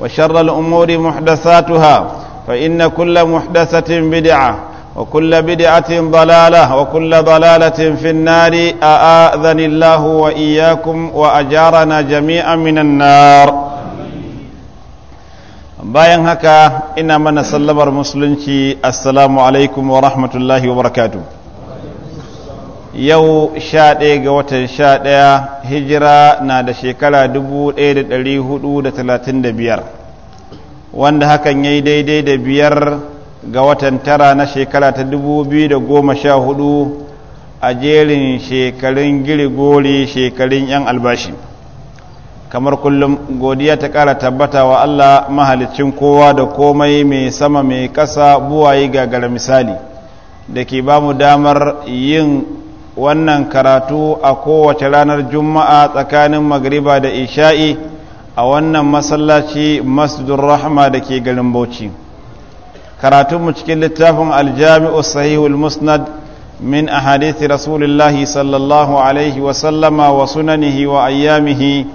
وشر الأمور محدثاتها فإن كل محدثة بدعة وكل بدعة ضلالة وكل ضلالة في النار أآذن الله وإياكم وأجارنا جميعا من النار bayan haka ina mana sallamar musulunci assalamu alaikum wa rahmatullahi wa barakatuh yau sha ɗaya ga watan sha ɗaya hijira na da shekara dubu ɗaya da ɗari hudu da talatin da biyar wanda hakan ya yi daidai da biyar ga watan tara na shekara ta dubu biyu da goma sha hudu a jerin shekarun girigori shekarun 'yan albashi kamar kullum godiya ta ƙara tabbata wa Allah mahalicin kowa da komai mai sama mai ƙasa buwaye gagara misali da ke ba mu damar yin wannan karatu a kowace ranar juma'a tsakanin magriba da isha'i a wannan masallaci masjidun rahama da ke garin bauchi karatunmu cikin littafin aljami'u sahihul musnad min a hadithi rasulullahi sallallahu alaihi sallama wa sunanihi wa ayyamihi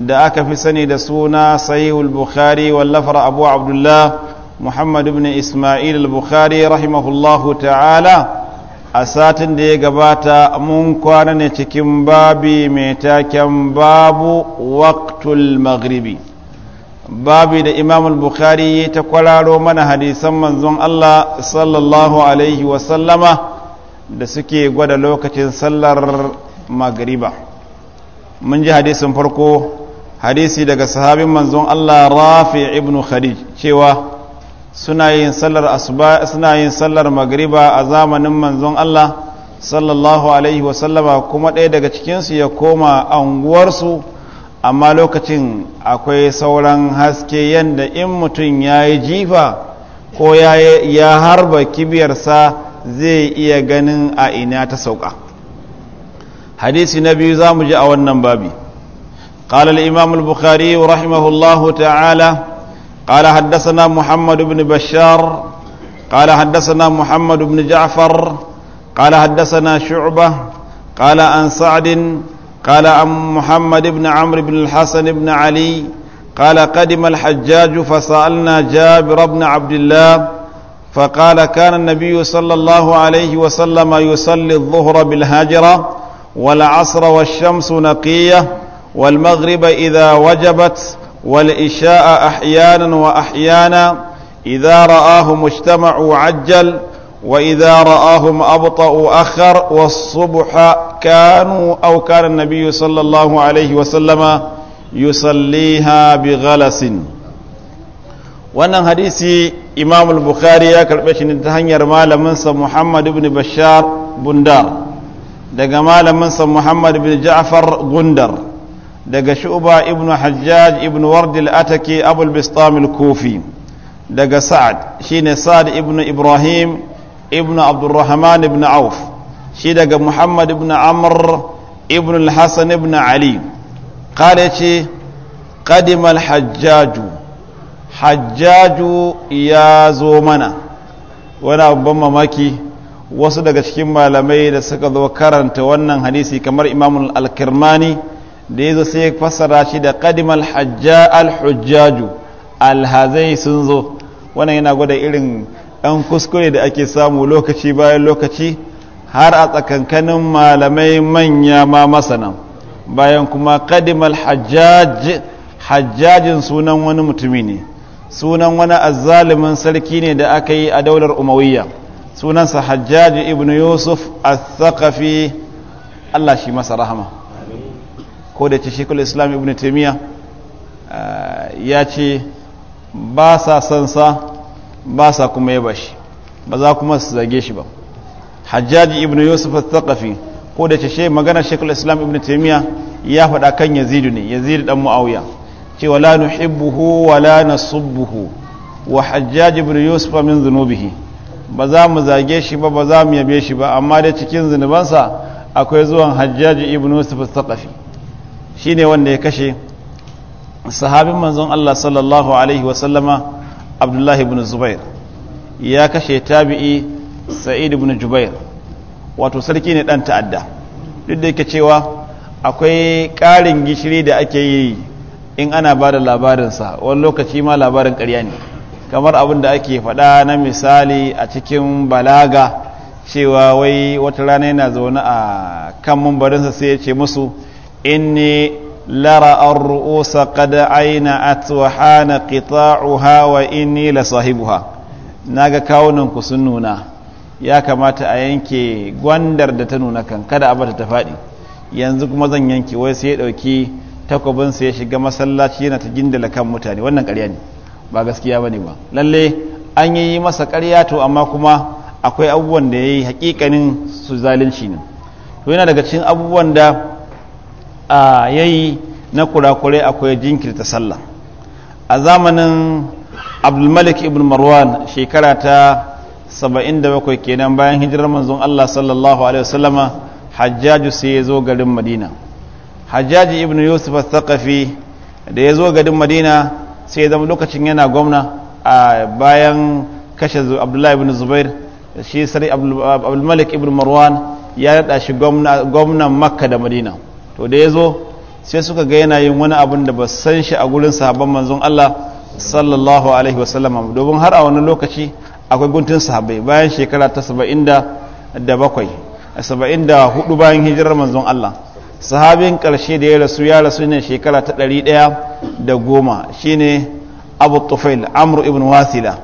da aka fi sani da suna sahihul bukhari wallafar abu abdullah muhammad ibn ismail al-bukhari rahimahullahu ta'ala a satin da ya gabata mun kwana ne cikin babi mai taken babu waqtul maghribi babi da imamul bukhari ya ta kwararo mana hadisan manzon Allah sallallahu alaihi wasallama da suke gwada lokacin sallar magriba mun ji hadisin farko hadisi daga sahabin manzon Allah rafi ibn khadij cewa suna yin sallar magariba a zamanin manzon Allah sallallahu alaihi wasallama kuma ɗaya daga cikinsu ya koma anguwarsu amma lokacin akwai sauran haske yadda in mutum ya yi jifa ko ya harba kibiyarsa zai iya ganin a ina ta sauka hadisi na biyu za mu ji a wannan babi ƙalar imamul البخاري rahimahullahu ta'ala قال حدثنا محمد بن بشار قال حدثنا محمد بن جعفر قال حدثنا شعبة قال عن سعد قال عن محمد بن عمرو بن الحسن بن علي قال قدم الحجاج فسألنا جابر بن عبد الله فقال كان النبي صلى الله عليه وسلم يصلي الظهر بالهجرة والعصر والشمس نقية والمغرب إذا وجبت والإشاء أحيانا وأحيانا إذا رآهم اجتمعوا عجل وإذا رآهم أبطأوا أخر والصبح كانوا أو كان النبي صلى الله عليه وسلم يصليها بغلس wannan hadisi imam bukhari ya karɓe shi ta hanyar malaminsa muhammad ibn bashar gundar daga malaminsa muhammad ibn ja'far gundar daga shu'ba ibn hajjaj ibn ward al-ataki abul bistam al daga sa'ad shine sa'ad ibn ibrahim ibn abdurrahman ibn auf shi daga muhammad ibn amr ibn al ibn ali qala yace qadima al-hajjaj hajjaj ya zo mana wani abubuwan mamaki wasu daga cikin malamai da suka zo karanta wannan hadisi kamar imamul al da ya zo sai ya fassara shi da kadim hajja al alhazai sun zo wannan yana gwada irin ɗan kuskure da ake samu lokaci bayan lokaci har a tsakankanin malamai manya ma masana bayan kuma kadim hajjaj sunan wani mutumi ne sunan wani azzalimin sarki ne da aka yi a daular umawiyya sunansa hajjaji ibn yusuf al-thaqafi Allah shi masa rahama ko da ce shekul islam ibn taimiyya eh, ya ce ba sa son sa ba sa kuma yaba shi ba za kuma su zage shi ba hajjaji ibn yusuf al-thaqafi ko da ce magana shekul islam ibn taimiyya ya faɗa kan yazidu ne yazidu dan muawiya cewa la nuhibbuhu wa la nasubbuhu wa hajjaj ibn yusuf min zunubihi ba za mu zage shi ba ba za mu yabe shi ba amma da cikin zunubansa akwai zuwan hajjaji ibn yusuf al-thaqafi shi ne wanda ya kashe sahabin manzon Allah sallallahu alaihi wasallama abdullahi ibn zubair ya kashe tabi'i sa'id ibn jubair wato sarki ne dan ta'adda duk da yake cewa akwai ƙarin gishiri da ake yi in ana ba da labarinsa wani lokaci ma labarin karya ne kamar abin da ake faɗa na misali a cikin balaga cewa wai wata rana yana zaune a kan mambarinsa sai ya ce musu إني لرى الرؤوس قد عينت وحان قطاعها وإني لصاحبها ناغا كاونن كسنونا da ta nuna kan kada كان كدا ta faɗi yanzu kuma zan yanki wai sai ya ɗauki takwabinsa ya shiga masallaci yana ta jindala kan mutane wannan ƙarya ne ba gaskiya ba ne ba lalle an yi masa ƙarya to amma kuma akwai abubuwan da ya yi hakikanin su zalunci ne to yana daga cikin abubuwan da A yayi na kurakurai akwai jinkirta sallah a zamanin abdulmalik ibn marwan shekara ta 77 kenan bayan hijirar manzon allah sallallahu alaihi wasallama hajjaju sai ya zo garin madina hajjaji ibn yusuf al-thaqafi da ya zo garin madina sai ya zama lokacin yana gwamna a bayan kashe abdullahi ibn zubair shi sarai abdulmalik ibn marwan ya daɗa shi gwamnan makka da madina to da ya zo sai suka ga yana yin wani abin da ba san shi a gurin sahabban manzon Allah sallallahu alaihi wasallam domin har a wani lokaci akwai guntun sahabbai bayan shekara ta saba'in da bakwai saba'in da hudu bayan hijirar manzon Allah sahabin karshe da ya rasu ya rasu ne shekara ta ɗari ɗaya da goma shine abu tufail amru ibn wasila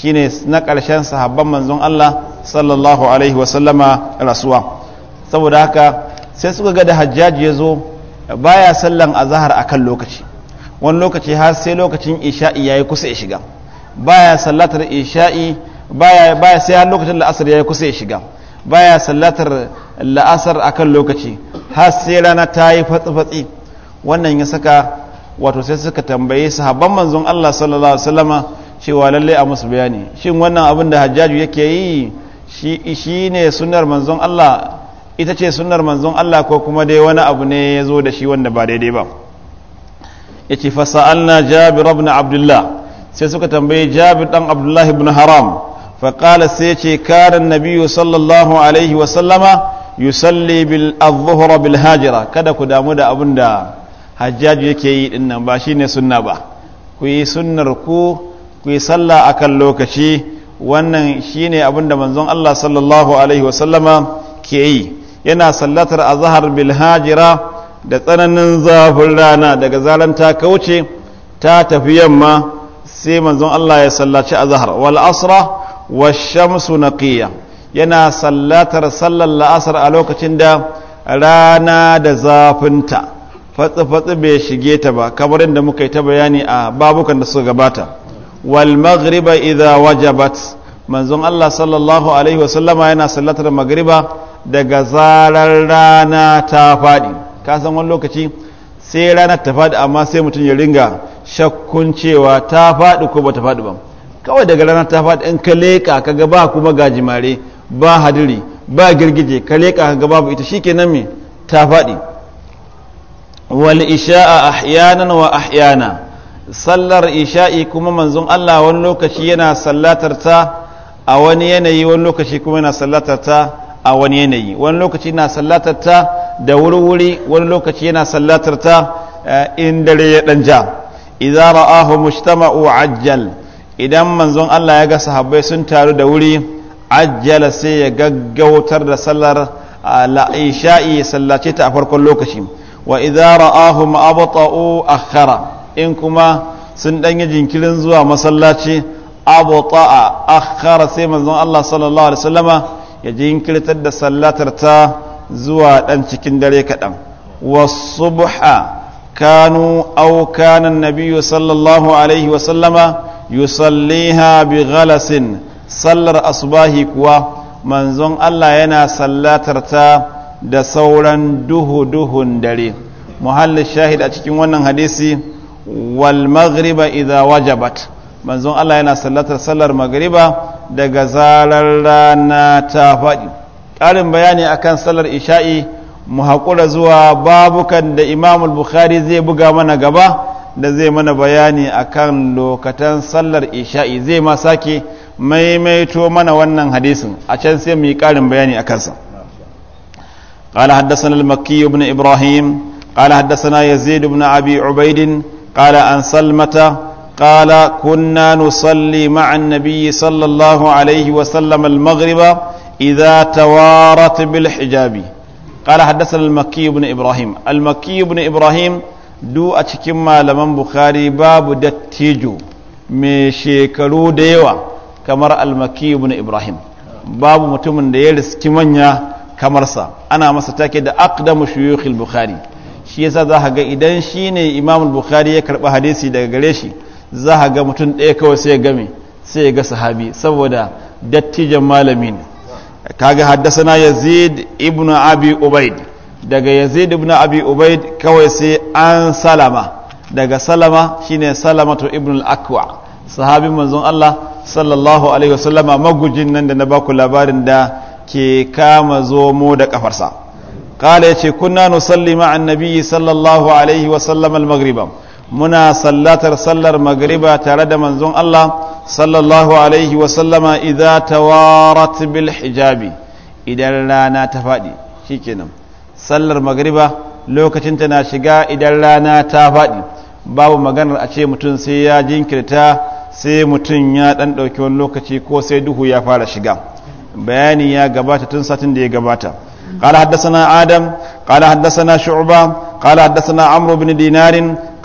shine na ƙarshen sahabban manzon Allah sallallahu alaihi wasallama rasuwa saboda haka sai suka ga da hajjaji ya zo baya sallan azahar akan lokaci wani lokaci har sai lokacin isha'i ya yi kusa ya shiga baya sallatar isha'i baya ya sai har lokacin la'asar yi kusa ya shiga baya sallatar la'asar akan lokaci har sai rana ta yi fatsi-fatsi wannan ya saka wato sai suka tambaye sahabban manzon Allah sallallahu alaihi wasallama cewa lallai a musu bayani shin wannan abin da hajjaju yake yi shi ne sunar manzon Allah ita ce sunnar manzon Allah ko kuma dai wani abu ne ya zo da shi wanda ba daidai ba ya ce fasa'alna jabir ibn abdullah sai suka tambayi jabir dan abdullahi ibn haram faƙala sai ce karin nabiyu sallallahu alaihi wasallama yusalli bil adh bil hajira kada ku damu da abin da hajjaji yake yi din nan ba shine sunna ba ku yi sunnar ku ku yi sallah akan lokaci wannan shine abin da manzon Allah sallallahu alaihi wasallama ke yi yana sallatar azhar bil hajira da tsananin zafin rana daga zalan ta kauce ta tafi yamma sai manzon Allah ya sallaci azhar wal asra wash shamsu naqiya yana sallatar sallar la'asar a lokacin da rana da zafinta fatsi-fatsi bai shige ta ba kamar yadda muka yi ta bayani a babukan da suka gabata wal maghriba idza wajabat manzon Allah sallallahu alaihi wasallama yana sallatar magriba daga zarar rana ta faɗi kasan wani lokaci sai rana ta faɗi amma sai mutum ya ringa shakkun cewa ta faɗi ko ba ta faɗi ba kawai daga rana ta faɗi in ka leƙa ka ga ba kuma gajimare ba hadiri ba girgije ka leƙa ka ga babu ita nan me ta faɗi wal isha'a ahyanan wa ahyana sallar isha'i kuma manzon Allah wani lokaci yana sallatar ta a wani yanayi wani lokaci kuma yana sallatar ta a wani yanayi wani lokaci na sallatar da wuri-wuri wani lokaci yana sallatar ta eh, in dare ya dan ja idza ra'ahu mujtama'u ajjal idan manzon Allah ya ga sahabbai sun taru da wuri ajjala sai ya gaggautar da sallar la'isha'i ya sallace ta a farkon lokaci wa idza ra'ahu abta'u akhara in kuma sun dan jinkirin zuwa masallaci abta'a akhara sai manzon Allah sallallahu alaihi wasallama ya jinkirtar da sallatarta zuwa ɗan cikin dare kaɗan wasu buha kanu aukanan nabiyu sallallahu alaihi wasallama yusalliha bi ghalasin sallar asubahi kuwa manzon Allah yana sallatarta da sauran duhu-duhun dare muhallin shahid a cikin wannan hadisi wal maghriba idha wajabat manzon Allah yana sallatar sallar magriba daga zarar rana ta faɗi ƙarin bayani akan sallar isha'i mu haƙura zuwa babukan da imamul bukhari zai buga mana gaba da zai mana bayani akan lokatan sallar isha'i zai ma sake maimaito mana wannan hadisin a can sai mu yi ƙarin bayani a kansa قال حدثنا المكي بن إبراهيم قال حدثنا يزيد بن أبي عبيد قال an سلمة قال كنا نصلي مع النبي صلى الله عليه وسلم المغرب إذا توارت بالحجاب قال حدثنا المكي بن إبراهيم المكي بن إبراهيم دو أتكما لمن بخاري باب دتيجو mai shekaru da yawa kamar almaki ibn ibrahim babu mutumin da ya riski manya kamar sa ana masa take da aqdamu shuyukhil bukhari shi yasa za ga idan shi ne imam bukhari ya karba hadisi daga gare shi za a ga mutum ɗaya kawai sai game sai ga sahabi saboda dattijan malami ne kaga na yazid ibn abi ubaid daga yazid ibn abi ubaid kawai sai an salama daga salama shine salamatu ibn al-akwa sahabin manzon Allah sallallahu alaihi wasallama magujin nan da na baku labarin da ke kama zomo da kafarsa قال yace kunna نصلي مع النبي صلى الله عليه وسلم المغرب muna sallatar sallar magriba tare da manzon Allah sallallahu alaihi wasallama idza tawarat bil hijabi idan rana ta faɗi shikenan sallar magriba lokacin ta na shiga idan rana ta faɗi babu maganar a ce mutum sai ya jinkirta sai mutum ya ɗan ɗauki wani lokaci ko sai duhu ya fara shiga bayani ya gabata tun satin da ya gabata قال حدثنا آدم قال حدثنا شعبة قال حدثنا عمرو بن دينار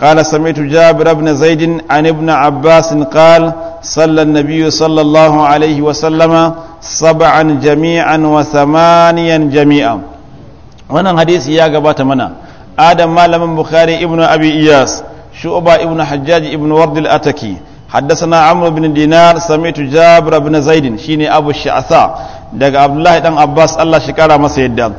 قال سمعت جابر بن زيد عن ابن عباس قال صلى النبي صلى الله عليه وسلم سبعا جميعا وثمانيا جميعا wannan hadisi ya gabata mana adam malamin bukhari ibn abi iyas shu'ba ibn hajjaj ibn ward al-ataki حدثنا عمرو بن دينار سمعت جابر بن زيد شيني ابو الشعثاء دغ عبد الله دان عباس الله شكرا masa yadda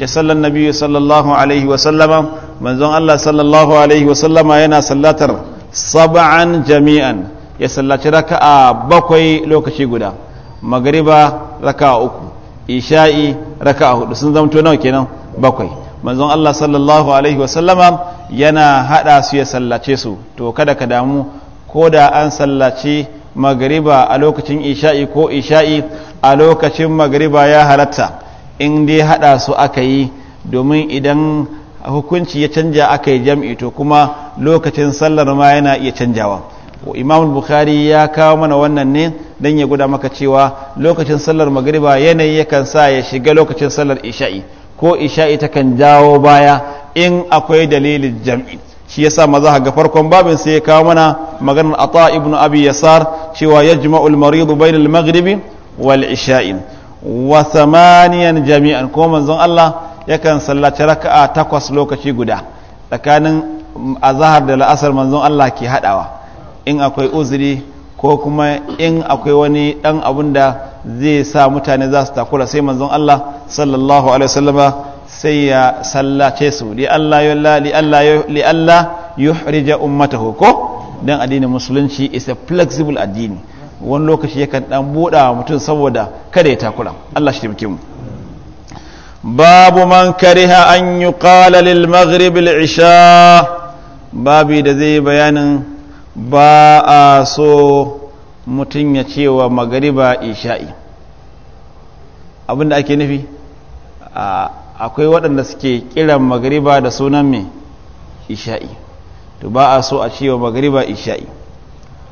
ya sallan nabi sallallahu alaihi wa sallama manzon Allah sallallahu alaihi wasallama yana sallatar sab'an jami'an ya sallaci raka'a bakwai lokaci guda magariba raka'a uku isha'i raka'a hudu sun zamto nawa kenan bakwai manzon Allah sallallahu alaihi wasallama yana hada su ya sallace su to kada ka damu ko da an sallaci magariba a lokacin isha'i ko isha'i a lokacin magariba ya halatta in dai hada su aka yi domin idan a hukunci ya canja aka yi jam'i to kuma lokacin sallar ma yana iya canjawa imam bukhari ya kawo mana wannan ne don ya guda maka cewa lokacin sallar magariba yanayi yakan sa ya shiga lokacin sallar isha'i ko isha'i takan jawo baya in akwai dalilin jam'i shi yasa maza ga farkon babin sai ya kawo mana maganar ata ibnu abi yasar cewa yajma'ul maridu bainal magribi wal isha'i wa samaniyan jami'an ko manzon Allah yakan sallaci raka'a takwas lokaci guda tsakanin azahar da la'asar manzon Allah ke haɗawa in akwai uzuri ko kuma in akwai wani ɗan abun da zai sa mutane za su takura sai manzon Allah sallallahu alaihi wasallama sai ya sallace su li Allah yalla li Allah li Allah yuhrija dan addinin musulunci is a flexible addini wani lokaci yakan ɗan buɗa mutum saboda kada ya takura Allah shi taimake mu babu man kariha an yi ƙala lil maghrib isha babi da zai bayanin ba a so mutum ya cewa magariba isha'i abinda ake nufi akwai waɗanda suke kiran magariba da sunan mai isha'i to ba so a cewa magariba isha'i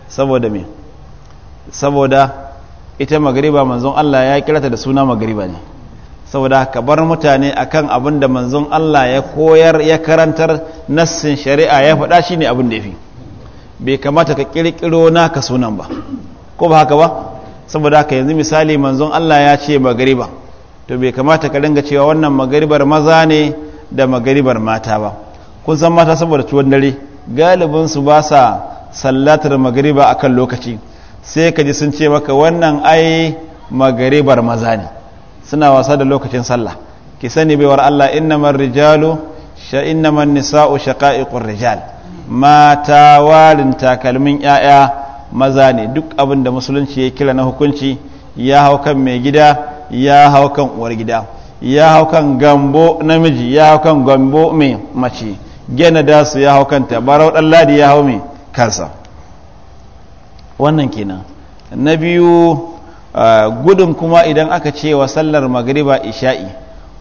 saboda ita magariba manzon Allah ya kirata da suna magariba ne saboda ka bar mutane akan abin da manzon Allah ya koyar ya karantar nassin shari'a ya faɗa shi ne abin da ya fi bai kamata ka ƙirƙiro naka sunan ba ko ba haka ba saboda haka yanzu misali manzon Allah ya ce magariba to bai kamata ka dinga cewa wannan magaribar maza ne da magaribar mata ba kun san mata saboda tuwon dare galibin su ba sa sallatar magariba akan lokaci sai ka ji sun ce maka wannan ai magaribar maza ne suna wasa da lokacin sallah ki sani baiwar Allah innamar rijalu sha man nisa'u shaqa'iqur rijal mata warin takalmin yaya maza ne duk abin da musulunci ya kira na hukunci ya hau kan mai gida ya hau kan uwar gida ya hau kan gambo namiji ya hau kan gambo mai mace gena su ya hau kan tabarau dan ladi ya hau mai kansa wannan kenan na biyu gudun kuma idan aka ce wa sallar magariba isha'i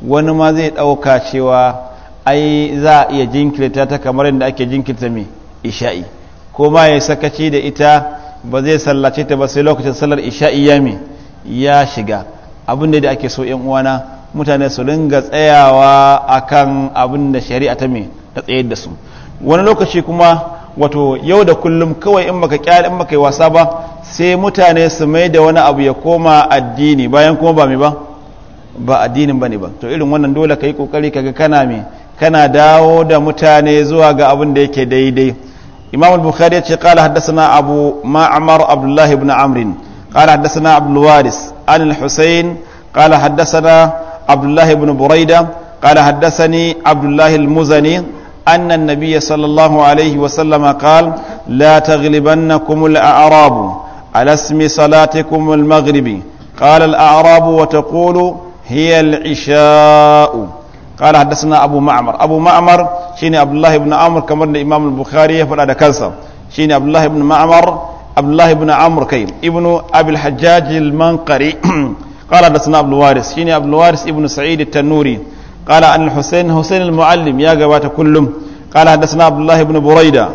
wani ma zai ɗauka cewa ai za a iya jinkirta ta kamar yadda ake jinkirta mai isha'i ko ma ya sakaci da ita ba zai sallace ta ba sai lokacin sallar isha'i ya mai ya shiga abin da ake so yan uwana mutane su ringa tsayawa akan abin da shari'a ta mai ta tsayar da su wani lokaci kuma wato yau da kullum kawai in maka kyale in maka yi wasa ba sai mutane su mai da wani abu ya koma addini bayan kuma ba mai ba ba addinin ba ne ba to irin wannan dole ka yi kokari kaga kana mai kana dawo da mutane zuwa ga abin da yake daidai imam bukhari ya ce qala haddathana abu ma'mar abdullah ibn amrin qala haddathana abdul waris anil al kala qala na abdullah ibn kala qala ni abdullah al-muzani أن النبي صلى الله عليه وسلم قال لا تغلبنكم الأعراب على اسم صلاتكم المغرب قال الأعراب وتقول هي العشاء قال حدثنا أبو معمر أبو معمر شيني عبد الله بن عمر كما الإمام البخاري فلا كنسا شيني عبد الله بن معمر عبد الله بن عمرو كيم ابن أبي الحجاج المنقري قال حدثنا أبو الوارث شيني أبو الوارث ابن سعيد التنوري قال عن الحسين حسين المعلم يا جوات كلهم قال حدثنا عبد الله بن بريده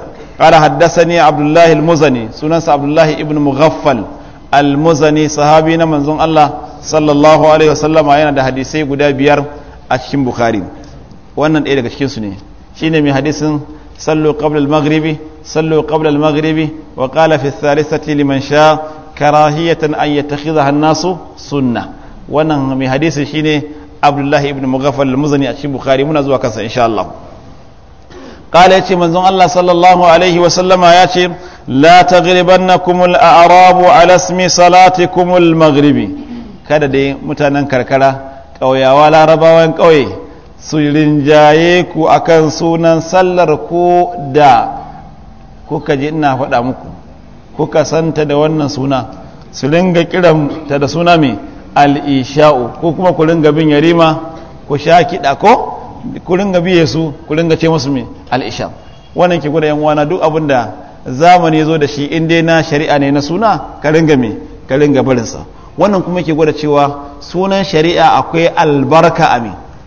قال حدثني عبد الله المزني سنن عبد الله ابن مغفل المزني صحابي na manzon Allah sallallahu alaihi wasallam yana da hadisai guda biyar a cikin bukhari wannan ɗaya daga cikin su ne shine mai hadisin sallu qabla al-maghribi sallu qabla al-maghribi wa qala fi ath-thalithati liman sha karahiyatan an yattakhidha an-nasu sunnah wannan mai hadisin shine Abdullahi ibn Mughaffal al-Muzani a cikin Bukhari muna zuwa kansa insha Allah قال يتي منزون الله صلى الله عليه وسلم ياتي لا تغربنكم الأعراب على اسم صلاتكم المغربي kada dai mutanen karkara ƙauyawa larabawan ƙauye su rinjaye ku akan sunan sallar ko da kuka ji ina faɗa muku kuka santa da wannan suna su ringa kiranta da suna mai al'isha'u ko kuma ku ringa bin yarima ku sha kiɗa ko ku ringa biye su ku ringa ce musu mai alisha wannan ke gwada wana duk abin da zamani ya zo da shi in dai na shari'a ne na suna ka ringa me ka barinsa wannan kuma ke gwada cewa sunan shari'a akwai albarka a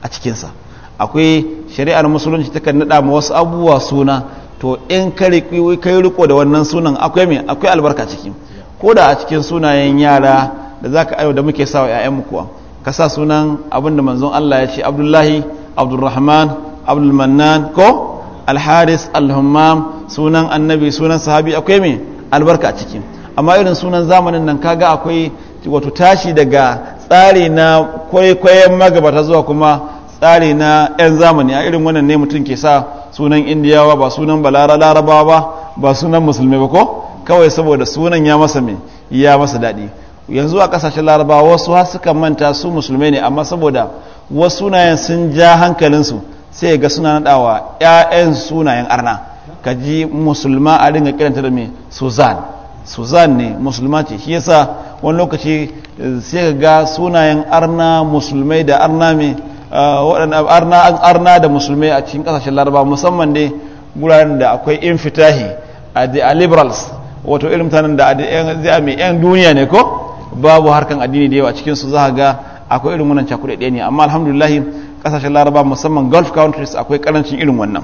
a cikinsa akwai shari'ar musulunci ta kan naɗa wasu abubuwa suna to in kai riko da wannan sunan akwai mai akwai albarka ciki ko da a cikin sunayen yara da za ka da muke sawa wa 'ya'yanmu kuwa ka sa sunan abin da manzon Allah ya ce abdullahi abdulrahman abdulmannan ko alharis alhammam sunan annabi sunan sahabi akwai mai albarka a ciki amma irin sunan zamanin nan kaga akwai wato tashi daga tsari na kwaikwayon magabata zuwa kuma tsari na 'yan zamani a irin wannan ne mutum ke sa sunan indiyawa ba sunan balara larabawa ba ba sunan musulmi ba ko kawai saboda sunan ya masa mai ya masa daɗi yanzu a ƙasashen larabawa wasu har suka manta su musulmai ne amma saboda wasu sunayen sun ja hankalinsu sai ga suna nadawa yayan sunayen arna ka ji musulma a dinga kiranta da mai suzan suzan ne musulma ce shi yasa wani lokaci eh, sai ga sunayen arna musulmai da arna mai eh, waɗanda arna arna da musulmai a cikin ƙasashen laraba musamman ne guraren da akwai fitahi a liberals wato irin mutanen da zai mai yan duniya ne ko babu harkan addini da yawa cikin su za ga akwai irin wannan cakuɗe ne amma alhamdulillah kasashen laraba musamman gulf countries akwai karancin irin wannan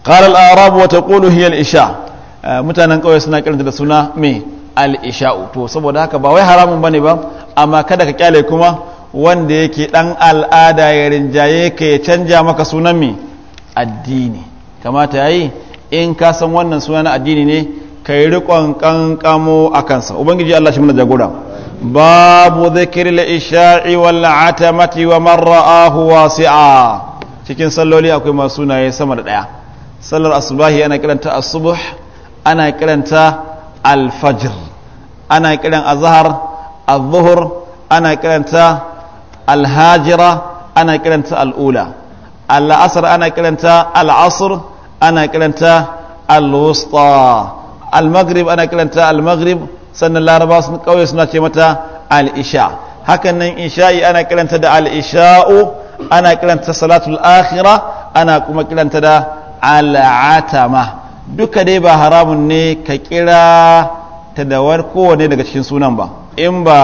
qala arabu wata wa taqulu hiya al-isha eh, mutanen ƙauye suna kiranta da suna mai al-isha'u to saboda haka ba wai haramun bane ba amma kada ka kyale kuma wanda yake dan al'ada ya rinjaye ka ya canja maka sunan mai addini kamata yayi in ka san wannan suna na addini ne kai riƙon kankamo a kansa ubangiji Allah shi mana jagora babu zikirin isha'i wal atamati wa man ra'ahu wasi'a cikin salloli akwai masu sunaye sama da daya sallar asubahi ana kiranta asubuh ana kiranta alfajr ana kiran azhar az ana kiranta alhajira ana kiranta al'ula al'asr ana kiranta al'asr ana kiranta al-wusta ana kiranta al sannan laraba sun kauye suna ce mata al'isha isha hakan nan isha'i ana kiranta da al'isha'u ana kiranta salatul akhira ana kuma kiranta da al'atama duka dai ba haramun ne ka kira ta da kowane daga cikin sunan ba in ba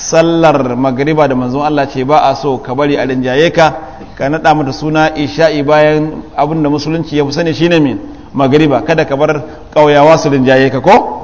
sallar magariba da manzon Allah ce ba a so ka bari a rinjaye ka ka naɗa mata suna isha'i bayan abin da musulunci ya fi sani shine min magariba kada ka bar ƙauyawa su rinjaye ka ko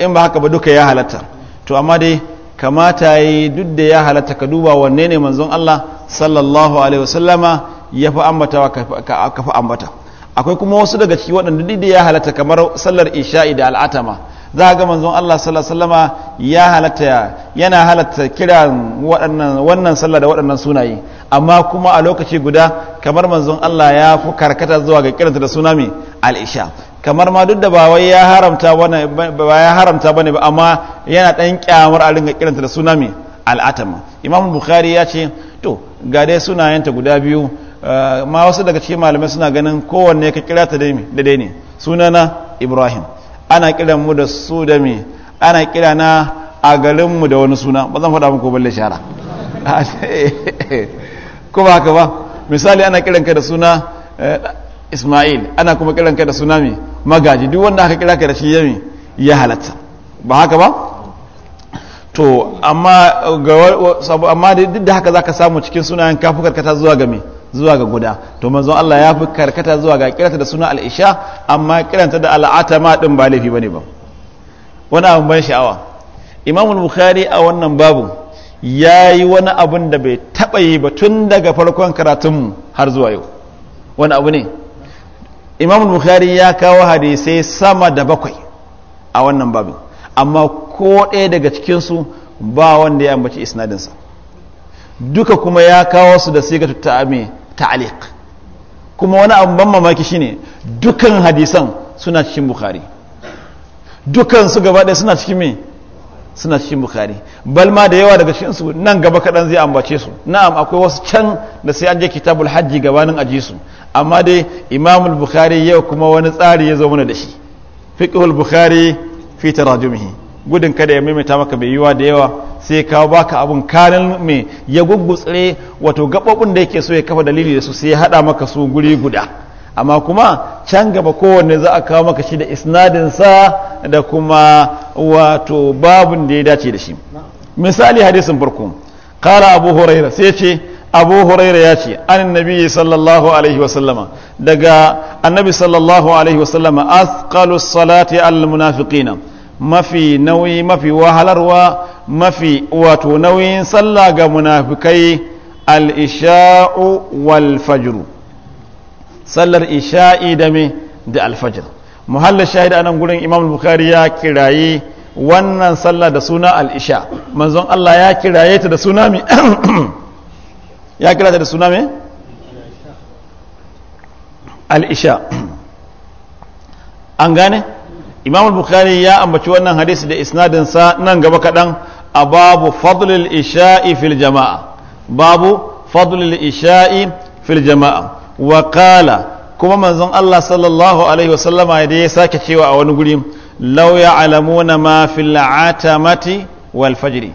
in ba haka ba duka ya halatta to amma dai kamata yi duk da ya halatta ka duba wanne ne manzon Allah sallallahu alaihi wasallama ya fi wa ka fi ambata akwai kuma wasu daga ciki waɗanda duk da ya halatta kamar sallar isha'i da al'atama za a ga manzon Allah sallallahu alaihi wasallama ya halatta yana halatta kiran wannan sallar da waɗannan sunaye amma kuma a lokaci guda kamar manzon Allah ya fi karkata zuwa ga kiranta da suna al'isha kamar ma duk da ba wai ya haramta bane ba ya haramta bane ba amma yana dan kyamar a ringa kiranta da suna mai al'atama imam bukhari ya ce to ga dai sunayenta guda biyu eh, ma wasu daga cikin malamai suna ganin kowanne ka kira ta dai dai ne sunana ibrahim ana kiran mu da su da me ana kira na a garin mu da wani suna ba zan faɗa muku balle shara ko ba haka ba misali ana kiranka da suna eh, isma'il ana kuma kiranka da tsunami magaji duk wanda aka kira ka da shi yami ya halatta ba haka ba to amma duk da haka za ka samu cikin sunayen kafu karkata zuwa ga zuwa ga guda to manzon Allah ya fi karkata zuwa ga kiranta da suna al'isha amma kiranta da al'atama ma din ba laifi bane ba wani abin ban sha'awa imamul bukhari a wannan babu ya yi wani abin da bai taɓa yi ba tun daga farkon karatunmu har zuwa yau wani abu ne imam bukhari ya kawo hadisai sama da bakwai a wannan babin amma ko ɗaya daga cikinsu ba wanda ya ambaci isnadinsa duka kuma ya kawo su da sigatu ta'ami ta'aliq kuma wani abu ban mamaki shine dukan hadisan suna cikin bukhari dukan su gaba ɗaya suna cikin mai. suna cikin bukari bal da yawa daga cikin su nan gaba kaɗan zai ambace su na'am akwai wasu can da sai an je kitabul hajji gabanin aji su amma dai imamul bukari yau kuma wani tsari ya zo mana da shi fiqhul bukari fi tarajumihi gudun kada ya maimaita maka bai yiwa da yawa sai kawo baka abun kanin mai ya gugutsire wato gabobin da yake so ya kafa dalili da su sai ya hada maka su guri guda amma kuma can gaba kowanne za a kawo maka shi da isnadinsa da kuma wato babun da ya dace da shi misali hadisin farko kala abu huraira sai ce abu huraira ya ce an nabi sallallahu alaihi wasallama daga annabi sallallahu alaihi wasallama asqalu salati al munafiqina mafi nauyi mafi wahalarwa mafi wato nauyin sallah ga munafikai al isha'u wal fajr sallar isha'i da me da al fajr muhallin shahid anan gurin imam bukari ya kiraye wannan sallah da suna al-isha manzon Allah ya kiraye ta da suna me ya kira ta da suna me al-isha an gane imam bukari ya ambaci wannan hadisi da isnadinsa nan gaba kaɗan a babu fadlul isha'i fil jama'a babu fadlul isha'i fil jama'a wa qala kuma manzon Allah sallallahu alaihi wasallama da ya sake cewa a wani guri law ya'lamuna ma fil atamati wal fajr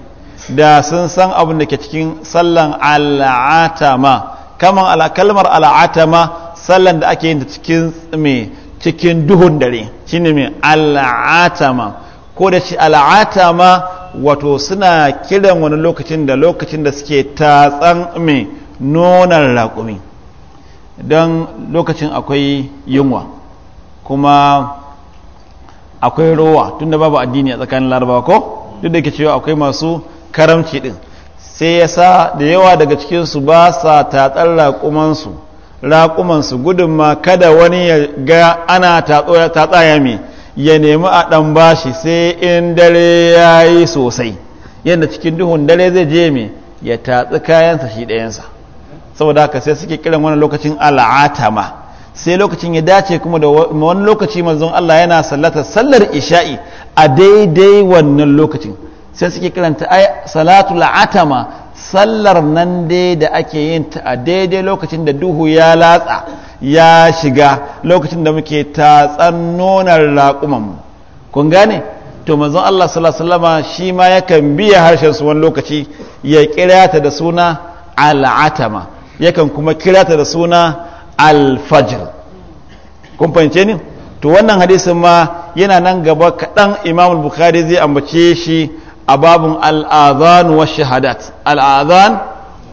da sun san abin da ke cikin sallan al'atama kaman ala kalmar al'atama sallan da ake yin da cikin me cikin duhun dare shine me al'atama ko da shi al'atama wato suna kiran wani lokacin da lokacin da suke tatsan me nonan raƙumi don lokacin akwai yunwa kuma akwai rowa tunda babu addini a tsakanin larabawa ko duk da ke cewa akwai masu karamci din sai ya sa da yawa daga cikinsu ba sa tatsar raƙumansu raƙumansu gudun ma kada wani ya ga ana tatsa ya mai ya nemi a ɗan bashi sai in dare ya yi sosai yadda cikin duhun dare zai je mai ya tatsi kayansa shi ɗayansa saboda haka sai suke kiran wani lokacin al'atama sai lokacin ya dace kuma da wani lokaci manzon Allah yana sallata sallar isha'i a daidai wannan lokacin sai suke kiranta ta salatul atama sallar nan dai da ake yin ta a daidai lokacin da duhu ya latsa ya shiga lokacin da muke tatsan nonar raƙuman kun gane to manzon Allah sallallahu alaihi wasallam shi ma yakan biya harshen su wani lokaci ya kira ta da suna al'atama yakan kuma kira ta da suna alfajir kun fahimce ni to wannan hadisin ma yana nan gaba kaɗan imam bukari zai ambace shi a babu al'azan wa shahadat al'azan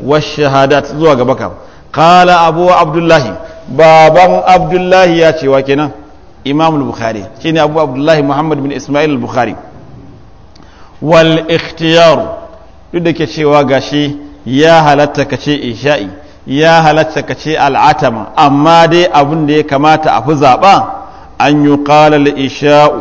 wa shahadat zuwa gaba kam kala abu abdullahi baban abdullahi ya cewa kenan imam shi ne abu abdullahi muhammad bin ismail bukari wal ikhtiyar duk da ke cewa gashi ya halatta ka ce isha'i ya halatta ka ce al'atama amma dai abin da ya kamata a fi zaɓa an yi ƙala isha'u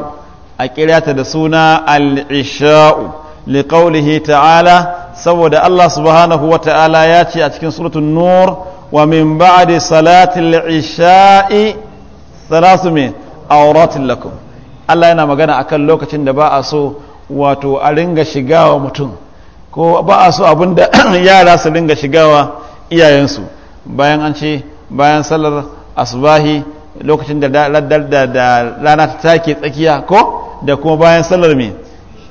a ƙirata da suna al'isha'u liƙaulihi ta'ala saboda Allah subhanahu wa ta'ala ya ce a cikin suratun nur wa min ba'adi salatin isha'i salasu mai auratin lakum Allah yana magana akan lokacin da ba a so wato a ringa shigawa mutum ko ba a so abin da yara su ringa shigawa iyayensu bayan an ce bayan sallar asubahi lokacin da rana ta take tsakiya ko da kuma bayan salar mai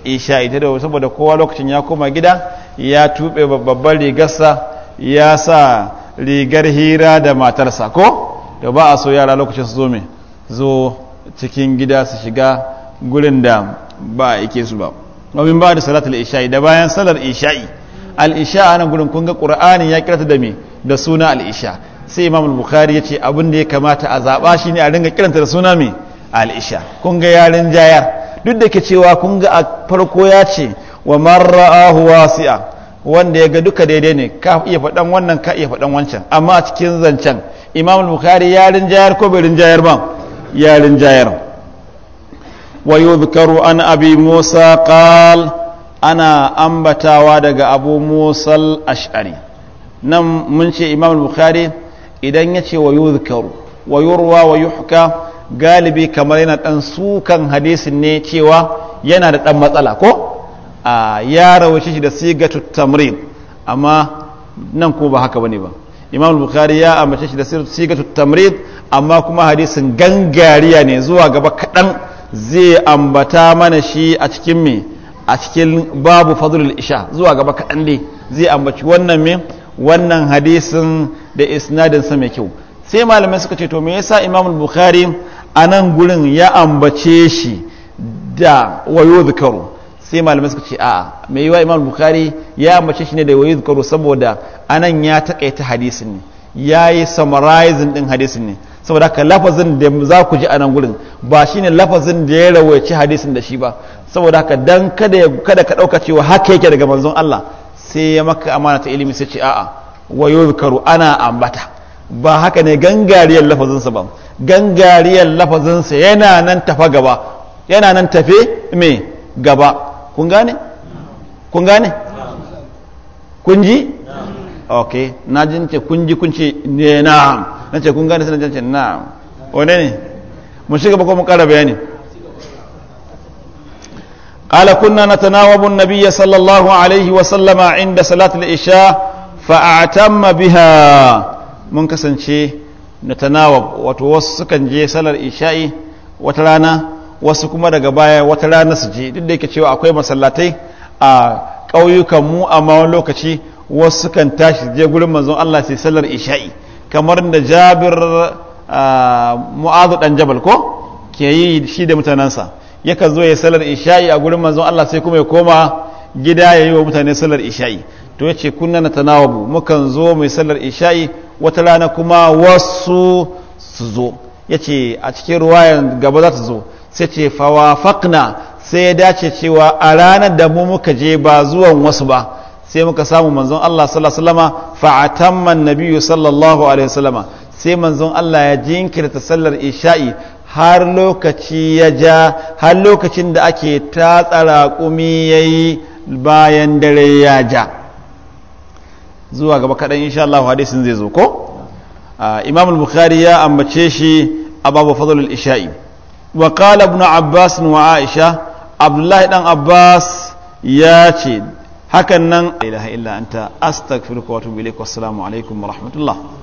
isha ita da saboda kowa lokacin ya koma gida ya tuɓe babbar rigarsa ya sa rigar hira da matarsa ko da ba a so yara lokacin su zo mai zo cikin gida su shiga gurin da ba a ike su ba wabin ba da salatul isha'i da bayan salar isha'i al'isha a nan gudun kunga ga ya kirata da me da suna al'isha sai imam bukhari ya ce abin da ya kamata a zaɓa shi ne a ringa kiranta da suna me al'isha kun ga yaren jayar duk da ke cewa kun a farko ya ce wa ahuwa wasi'a wanda ya ga duka daidai ne ka iya faɗan wannan ka iya faɗan wancan amma a cikin zancen imam bukhari ya jayar ko bai jayar ba yaren jayar. wa yuzkaru an abi musa qal ana ambatawa daga abu musal ash'ari nan mun ce imam bukhari idan ya ce wa yuzkaru wa yurwa wa yuhka galibi kamar yana dan sukan hadisin ne cewa yana da dan matsala ko a ya rawace shi da sigatu tamrin amma nan ko ba haka bane ba imam bukhari ya ambace shi da sigatu tamrin amma kuma hadisin gangariya ne zuwa gaba kadan zai ambata mana shi a cikin me a cikin babu fadlul isha zuwa gaba kaɗan dai zai ambaci wannan me wannan hadisin da isnadin sa mai kyau sai malamai suka ce to me yasa imam bukhari a nan gurin ya ambace shi da wayo zikaru sai malamai suka ce a'a mai yiwa imam bukhari ya ambace shi ne da wayo zikaru saboda a nan ya taƙaita hadisin ne ya yi summarizing ɗin hadisin ne saboda haka lafazin da za ku ji a nan gurin ba shi ne lafazin da ya rawaici hadisin da shi ba saboda haka don kada ka ɗauka cewa haka yake daga manzon Allah sai ya maka amana ta ilimi sai ce a'a wa karu ana ambata ba haka ne gangariyar lafazinsa ba gangariyar lafazinsa yana nan tafa gaba yana nan tafe me gaba kun gane kun gane kun ji okay na jin ce kun ji kun ce ne eh, na'am na ce kun gane sanar jancin na wane ne mun shiga ba kuma kara bayani qala kunna natanawabu an-nabiyya sallallahu alaihi wa sallama inda salatu da isha fa ma biha mun kasance natanawab wato wasu sukan je salar isha'i wata rana wasu kuma daga baya wata rana su je duk da yake cewa akwai masallatai a ƙauyukan mu amma lokaci wasu sukan tashi je gurin manzon Allah sai salar isha'i kamar da jabir ah, mu'azu dan jabal ko ke yi shi da mutanensa yaka zo ya salar isha'i a gurin manzon Allah sai kuma ya koma gida ya yi wa mutane salar isha'i to ya ce kunna na tanawabu mukan zo mai salar isha'i wata rana kuma wasu su zo ya ce a cikin ruwayan gaba za su zo sai ce fawafakna sai ya dace cewa a ranar da mu muka je ba zuwan wasu ba sai muka samu manzon Allah sallallahu alaihi wasallama fa'atamma nabiyyu sallallahu alaihi wasallama sai manzon Allah ya jinkirta sallar isha'i har lokaci ya ja har lokacin da ake tatsa raƙumi yayi bayan dare ya ja zuwa gaba kaɗan insha Allah hadisin zai zo ko imam al-bukhari ya ambace shi a babu fadlul isha'i wa qala ibn abbas wa aisha abdullahi dan abbas ya ce hakan nan ilaha illa anta astaghfiruka wa atubu ilaik wassalamu alaikum wa rahmatullah